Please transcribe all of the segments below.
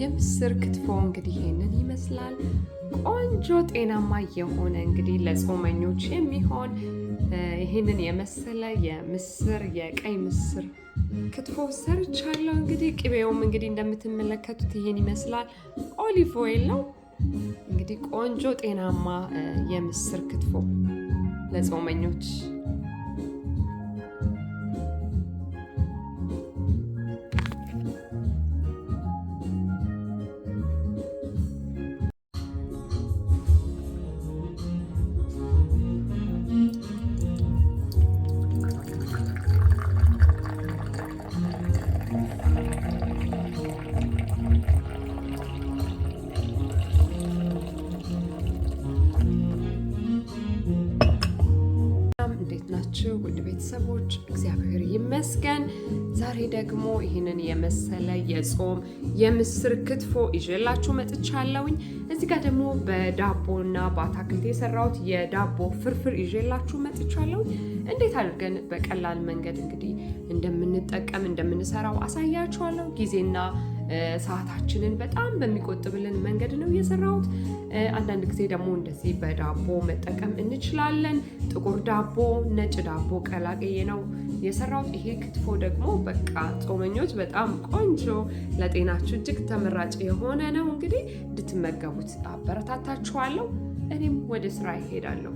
የምስር ክትፎ እንግዲህ ይህንን ይመስላል። ቆንጆ ጤናማ የሆነ እንግዲህ ለጾመኞች የሚሆን ይህንን የመሰለ የምስር የቀይ ምስር ክትፎ ሰርቻለሁ። እንግዲህ ቅቤውም እንግዲህ እንደምትመለከቱት ይህን ይመስላል። ኦሊቭ ኦይል ነው እንግዲህ ቆንጆ ጤናማ የምስር ክትፎ ለጾመኞች ዛሬ ደግሞ ይህንን የመሰለ የጾም የምስር ክትፎ ይዤላችሁ መጥቻለሁኝ። እዚህ ጋር ደግሞ በዳቦና በአታክልት የሰራሁት የዳቦ ፍርፍር ይዤላችሁ መጥቻለሁኝ። እንዴት አድርገን በቀላል መንገድ እንግዲህ እንደምንጠቀም እንደምንሰራው አሳያችኋለሁ። ጊዜና ሰዓታችንን በጣም በሚቆጥብልን መንገድ ነው የሰራሁት። አንዳንድ ጊዜ ደግሞ እንደዚህ በዳቦ መጠቀም እንችላለን። ጥቁር ዳቦ፣ ነጭ ዳቦ ቀላቅዬ ነው የሰራሁት ይሄ ክትፎ ደግሞ በቃ ጾመኞች በጣም ቆንጆ ለጤናችሁ እጅግ ተመራጭ የሆነ ነው። እንግዲህ እንድትመገቡት አበረታታችኋለሁ። እኔም ወደ ስራ ይሄዳለሁ።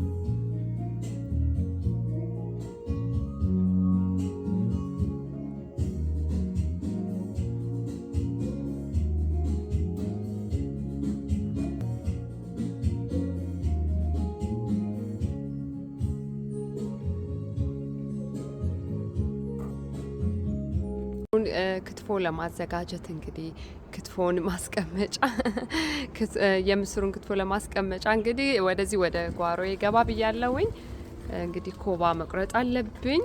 ክትፎ ለማዘጋጀት እንግዲህ ክትፎን ማስቀመጫ የምስሩን ክትፎ ለማስቀመጫ እንግዲህ ወደዚህ ወደ ጓሮ ገባ ብያለውኝ። እንግዲህ ኮባ መቁረጥ አለብኝ።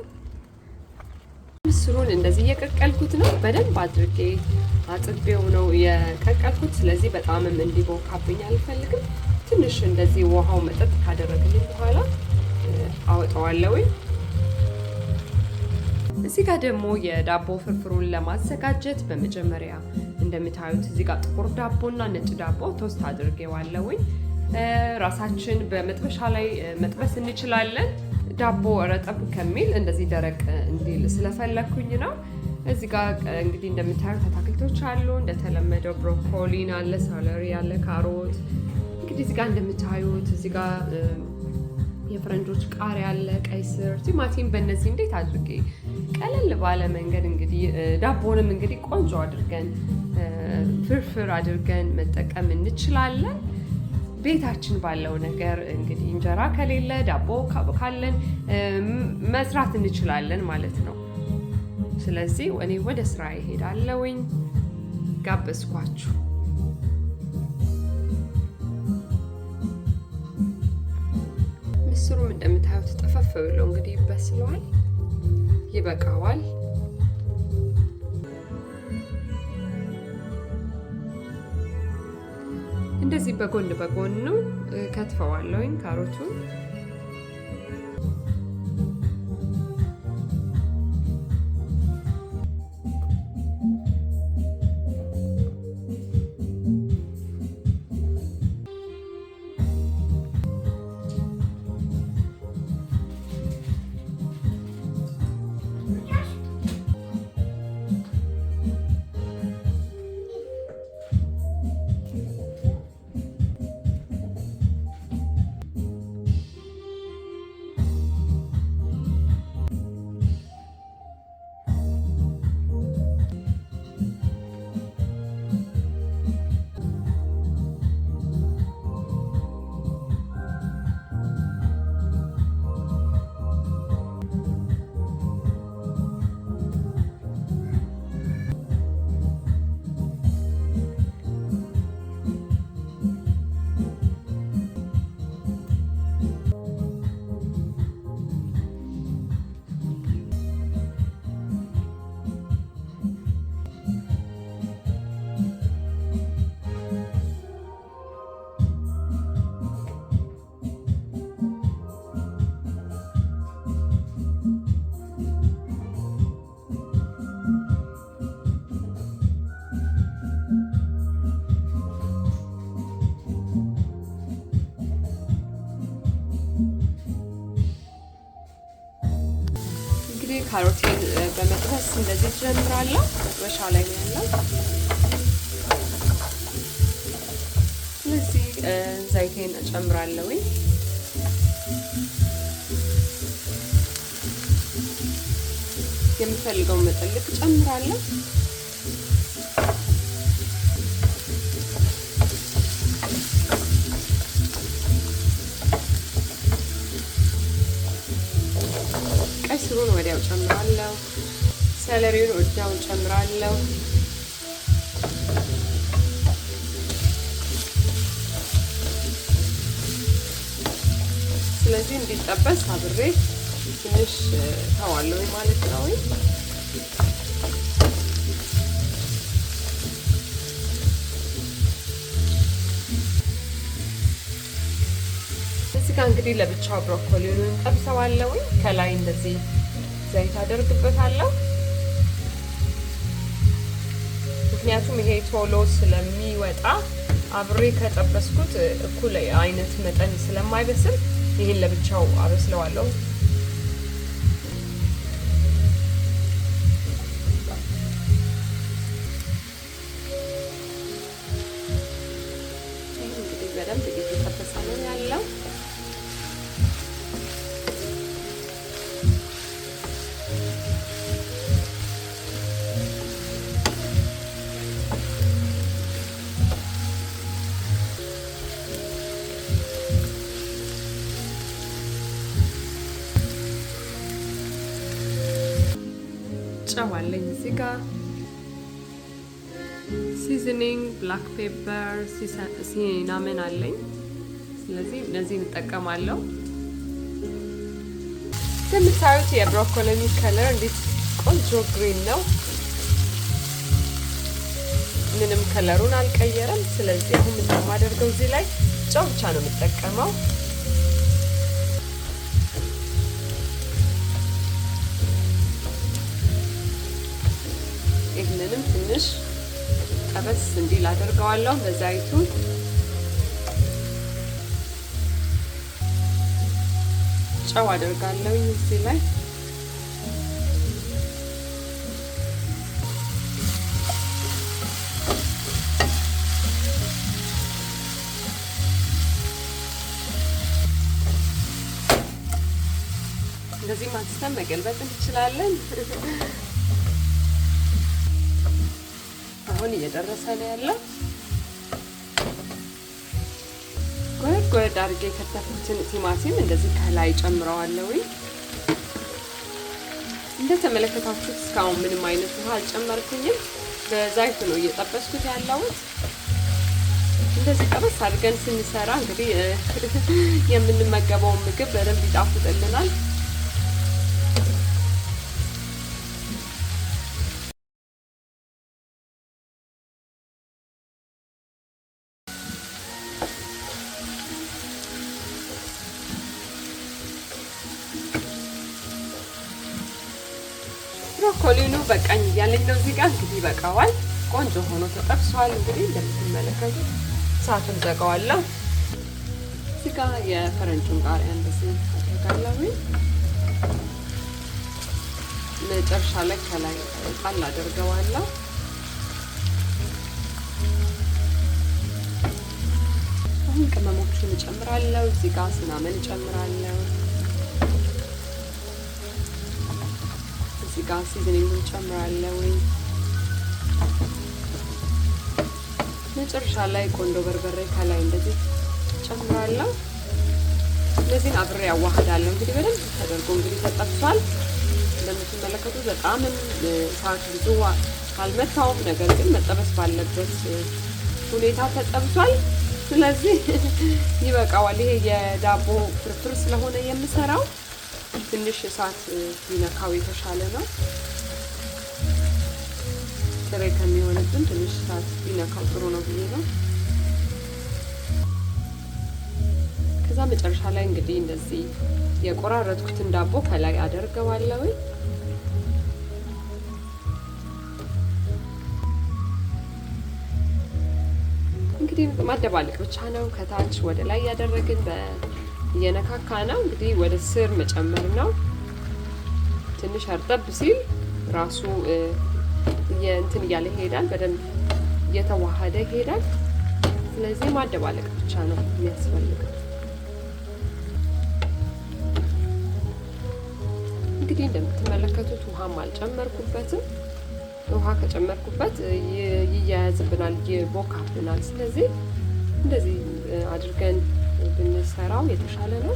ምስሩን እንደዚህ እየቀቀልኩት ነው። በደንብ አድርጌ አጥቤው ነው የቀቀልኩት። ስለዚህ በጣምም እንዲቦካብኝ አልፈልግም። ትንሽ እንደዚህ ውሃው መጠጥ ካደረግልኝ በኋላ አወጣዋለውኝ። እዚህ ጋር ደግሞ የዳቦ ፍርፍሩን ለማዘጋጀት በመጀመሪያ እንደምታዩት እዚህ ጋር ጥቁር ዳቦ እና ነጭ ዳቦ ቶስት አድርጌዋለሁኝ። ራሳችን በመጥበሻ ላይ መጥበስ እንችላለን። ዳቦ ረጠብ ከሚል እንደዚህ ደረቅ እንዲል ስለፈለግኩኝ ነው። እዚህ ጋር እንግዲህ እንደምታዩት አታክልቶች አሉ። እንደተለመደው ብሮኮሊን አለ፣ ሳለሪ አለ፣ ካሮት እንግዲህ እዚህ ጋር እንደምታዩት እዚህ ጋር የፈረንጆች ቃሪያ አለ፣ ቀይ ስር፣ ቲማቲም። በእነዚህ እንዴት አድርጌ ቀለል ባለ መንገድ እንግዲህ ዳቦንም እንግዲህ ቆንጆ አድርገን ፍርፍር አድርገን መጠቀም እንችላለን። ቤታችን ባለው ነገር እንግዲህ እንጀራ ከሌለ ዳቦ ካለን መስራት እንችላለን ማለት ነው። ስለዚህ እኔ ወደ ስራ ይሄዳለውኝ። ጋበዝኳችሁ። ስሩም እንደምታዩት ጠፈፍ ብሎ እንግዲህ ይበስለዋል። ይበቃዋል። እንደዚህ በጎን በጎኑ ከትፈዋለሁኝ ካሮቱን። ካሮቴን በመጥበስ እንደዚህ ጀምራለሁ። መሻው ላይ ያለው። ስለዚህ ዘይቴን እጨምራለሁኝ። የምፈልገውን መጠን ልክ እጨምራለሁ። ጨው ጨምራለሁ። ሰለሪውን ወዳው ጨምራለሁ። ስለዚህ እንዲጠበስ አብሬ ትንሽ ተዋለሁ ማለት ነው። እዚህ ጋር እንግዲህ ለብቻው ብሮኮሊውን ጠብሰዋለሁ። ከላይ እንደዚህ ዘይት አደርግበታለሁ። ምክንያቱም ይሄ ቶሎ ስለሚወጣ አብሬ ከጠበስኩት እኩል አይነት መጠን ስለማይበስል ይሄን ለብቻው አበስለዋለሁ። ጨው አለኝ እዚህ ጋር ሲዝኒንግ ብላክ ፔፐር ሲናመን አለኝ። ስለዚህ እነዚህ እንጠቀማለሁ። እንደምታዩት የብሮኮሊ ከለር እንዴት ቆንጆ ግሪን ነው። ምንም ከለሩን አልቀየረም። ስለዚህ አሁን የማደርገው እዚህ ላይ ጨው ብቻ ነው የምጠቀመው። ይህንንም ትንሽ ጠበስ እንዲል አደርገዋለሁ በዘይቱ። ጨው አደርጋለሁ እዚህ ላይ እንደዚህ ማስተን መገልበጥ እንችላለን። አሁን እየደረሰ ነው ያለው። ጎረድ ጎረድ አድርጌ የከተፉትን ቲማቲም እንደዚህ ከላይ ጨምረዋለሁ። እንደተመለከታችሁ እስካሁን ምንም አይነት ውሃ አልጨመርኩኝም። በዛይት ነው እየጠበስኩት ያለሁት። እንደዚህ ጠበስ አድርገን ስንሰራ እንግዲህ የምንመገበውን ምግብ በደንብ ይጣፍጥልናል። ብሮኮሊኑ በቃኝ እያለኝ ነው። እዚህ ጋር እንግዲህ ይበቃዋል። ቆንጆ ሆኖ ተጠብሷል። እንግዲህ እንደምትመለከቱ እሳቱን ዘጋዋለሁ። እዚህ ጋር የፈረንጁን ቃሪያ እንደዚህ አድርጋለሁ። መጨረሻ ላይ ከላይ ጣል አድርገዋለሁ። አሁን ቅመሞቹን እጨምራለሁ። እዚህ ጋር ስናምን እጨምራለሁ። ጋር ሲዝኒንግ ጨምራለሁ። መጨረሻ ላይ ቆንጆ በርበሬ ከላይ እንደዚህ ጨምራለሁ። እነዚህን አብሬ ያዋህዳለሁ። እንግዲህ በደንብ ተደርጎ እንግዲህ ተጠብሷል። እንደምትመለከቱ በጣም ሰዓት ብዙ አልመታውም፣ ነገር ግን መጠበስ ባለበት ሁኔታ ተጠብሷል። ስለዚህ ይበቃዋል። ይሄ የዳቦ ፍርፍር ስለሆነ የምሰራው ትንሽ እሳት ቢነካው የተሻለ ነው። ጥሬ ከሚሆንብን ትንሽ እሳት ቢነካው ጥሩ ነው ብዬ ነው። ከዛ መጨረሻ ላይ እንግዲህ እንደዚህ የቆራረጥኩትን ዳቦ ከላይ አደርገዋለሁ። እንግዲህ ማደባለቅ ብቻ ነው። ከታች ወደ ላይ ያደረግን እየነካካ ነው እንግዲህ ወደ ስር መጨመር ነው። ትንሽ አርጠብ ሲል ራሱ እንትን እያለ ይሄዳል፣ በደንብ እየተዋሃደ ይሄዳል። ስለዚህ ማደባለቅ ብቻ ነው የሚያስፈልገው። እንግዲህ እንደምትመለከቱት ውሃም አልጨመርኩበትም። ውሃ ከጨመርኩበት ይያያዝብናል፣ ይቦካብናል። ስለዚህ እንደዚህ አድርገን ብንሰራው የተሻለ ነው።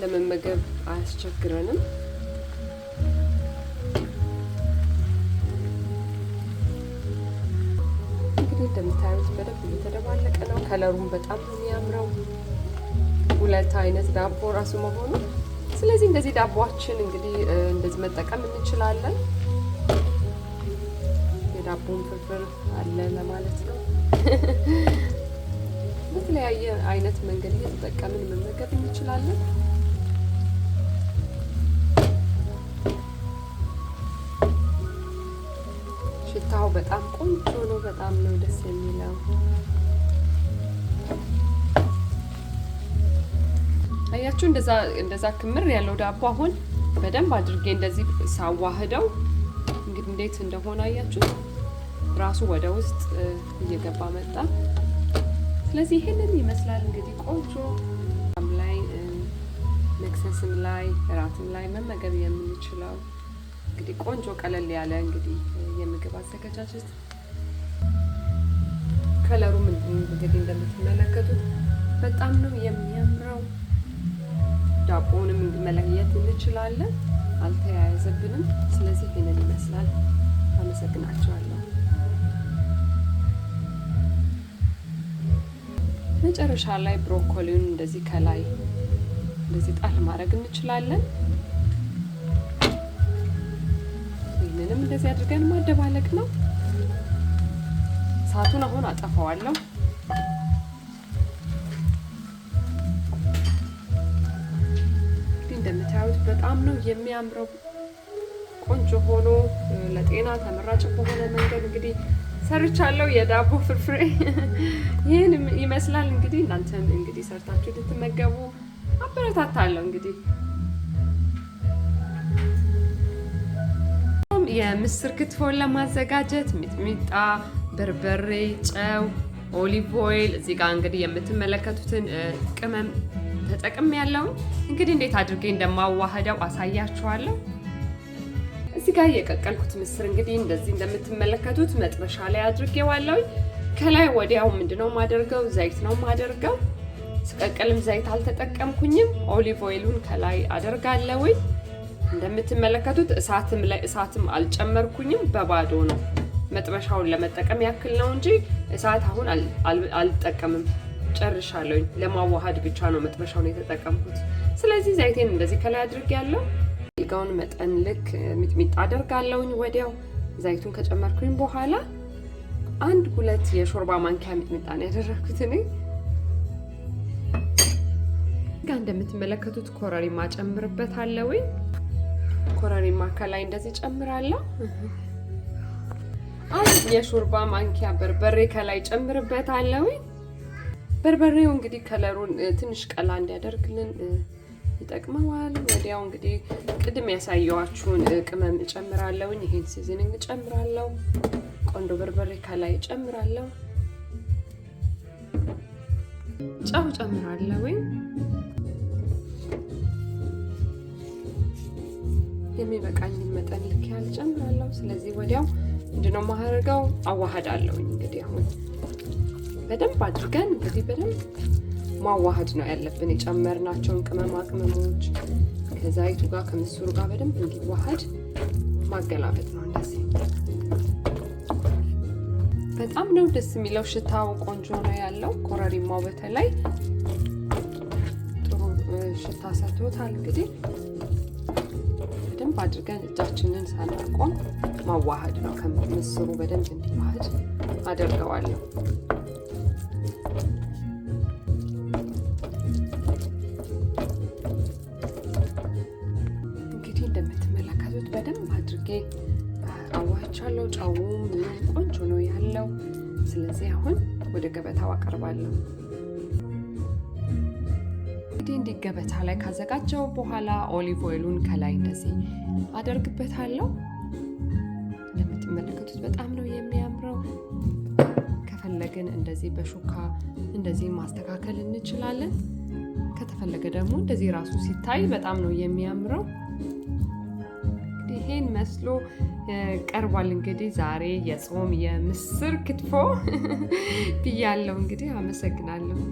ለመመገብ አያስቸግረንም። እንግዲህ እንደምታዩት በደንብ እየተደባለቀ ነው። ከለሩም በጣም የሚያምረው ሁለት አይነት ዳቦ ራሱ መሆኑ። ስለዚህ እንደዚህ ዳቦችን እንግዲህ እንደዚህ መጠቀም እንችላለን። ዳቦን ፍርፍር አለ ለማለት ነው። በተለያየ አይነት መንገድ እየተጠቀምን መመገብ እንችላለን። ሽታው በጣም ቆንጆ ነው። በጣም ነው ደስ የሚለው። አያችሁ፣ እንደዛ እንደዛ ክምር ያለው ዳቦ አሁን በደንብ አድርጌ እንደዚህ ሳዋህደው እንግዲህ እንዴት እንደሆነ አያችሁ። ራሱ ወደ ውስጥ እየገባ መጣ። ስለዚህ ይህንን ይመስላል እንግዲህ ቆንጆ ላይ መክሰስም ላይ እራትም ላይ መመገብ የምንችለው እንግዲህ ቆንጆ ቀለል ያለ እንግዲህ የምግብ አዘገጃጀት ከለሩ እንግዲህ እንደምትመለከቱት በጣም ነው የሚያምረው። ዳቦውንም መለየት እንችላለን፣ አልተያያዘብንም። ስለዚህ ይህንን ይመስላል። አመሰግናቸዋለሁ። መጨረሻ ላይ ብሮኮሊውን እንደዚህ ከላይ እንደዚህ ጣል ማድረግ እንችላለን። ይህንንም እንደዚህ አድርገን ማደባለቅ ነው። እሳቱን አሁን አጠፋዋለሁ። እንደምታዩት በጣም ነው የሚያምረው ቆንጆ ሆኖ ለጤና ተመራጭ በሆነ መንገድ እንግዲህ ሰርቻለሁ። የዳቦ ፍርፍሬ ይህን ይመስላል። እንግዲህ እናንተን እንግዲህ ሰርታችሁ ልትመገቡ አበረታታለሁ። እንግዲህ የምስር ክትፎን ለማዘጋጀት ሚጥሚጣ፣ በርበሬ፣ ጨው፣ ኦሊቭ ኦይል እዚህ ጋር እንግዲህ የምትመለከቱትን ቅመም ተጠቅም ያለውን እንግዲህ እንዴት አድርጌ እንደማዋህደው አሳያችኋለሁ። እዚህ ጋር የቀቀልኩት ምስር እንግዲህ እንደዚህ እንደምትመለከቱት መጥበሻ ላይ አድርጌዋለሁ። ከላይ ወዲያው ምንድነው ማደርገው ዘይት ነው ማደርገው። ስቀቅልም ዘይት አልተጠቀምኩኝም። ኦሊቭ ኦይሉን ከላይ አደርጋለሁ። እንደምትመለከቱት እሳትም ላይ እሳትም አልጨመርኩኝም። በባዶ ነው መጥበሻውን ለመጠቀም ያክል ነው እንጂ እሳት አሁን አልጠቀምም። ጨርሻለሁኝ። ለማዋሃድ ብቻ ነው መጥበሻውን የተጠቀምኩት። ስለዚህ ዘይቴን እንደዚህ ከላይ አድርጌያለሁ። የምፈልገውን መጠን ልክ ሚጥሚጣ አደርጋለሁኝ። ወዲያው ዘይቱን ከጨመርኩኝ በኋላ አንድ ሁለት የሾርባ ማንኪያ ሚጥሚጣ ነው ያደረኩት እኔ ጋ እንደምትመለከቱት ኮረሪማ ጨምርበታለሁ። ኮረሪማ ከላይ እንደዚህ ጨምራለሁ። አንድ የሾርባ ማንኪያ በርበሬ ከላይ ጨምርበታለሁ። በርበሬው እንግዲህ ከለሩን ትንሽ ቀላ እንዲያደርግልን ይጠቅመዋል። ወዲያው እንግዲህ ቅድም ያሳየዋችሁን ቅመም እጨምራለሁኝ። ይሄን ሲዝኒንግ እጨምራለሁ። ቆንዶ በርበሬ ከላይ እጨምራለሁ። ጨው እጨምራለሁኝ። የሚበቃኝ መጠን ልክ ያህል እጨምራለሁ። ስለዚህ ወዲያው ምንድነው ማህረጋው አዋሃዳለሁኝ። እንግዲህ አሁን በደንብ አድርገን እንግዲህ በደንብ ማዋሃድ ነው ያለብን። የጨመርናቸውን ቅመማ ቅመሞች ከዛይቱ ጋር ከምስሩ ጋር በደንብ እንዲዋሃድ ማገላበጥ ነው። እንደዚህ በጣም ነው ደስ የሚለው። ሽታው ቆንጆ ነው ያለው። ኮረሪማው በተለይ ጥሩ ሽታ ሰጥቶታል። እንግዲህ በደንብ አድርገን እጃችንን ሳናቆም ማዋሃድ ነው። ከምስሩ በደንብ እንዲዋሃድ አደርገዋለሁ። አዋህቻለሁ። ጨው ቆንጆ ነው ያለው። ስለዚህ አሁን ወደ ገበታው አቀርባለሁ። እንግዲህ እንዲህ ገበታ ላይ ካዘጋጀው በኋላ ኦሊቭ ኦይሉን ከላይ እንደዚህ አደርግበታለሁ። እንደምትመለከቱት በጣም ነው የሚያምረው። ከፈለግን እንደዚህ በሹካ እንደዚህ ማስተካከል እንችላለን። ከተፈለገ ደግሞ እንደዚህ ራሱ ሲታይ በጣም ነው የሚያምረው። ይሄን መስሎ ቀርቧል። እንግዲህ ዛሬ የጾም የምስር ክትፎ ብያለሁ። እንግዲህ አመሰግናለሁ።